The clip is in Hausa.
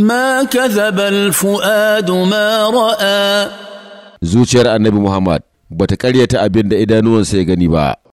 ما كذب الفؤاد ما رأى زوجير النبي محمد bata karyata abin da idanuwansa ya gani ba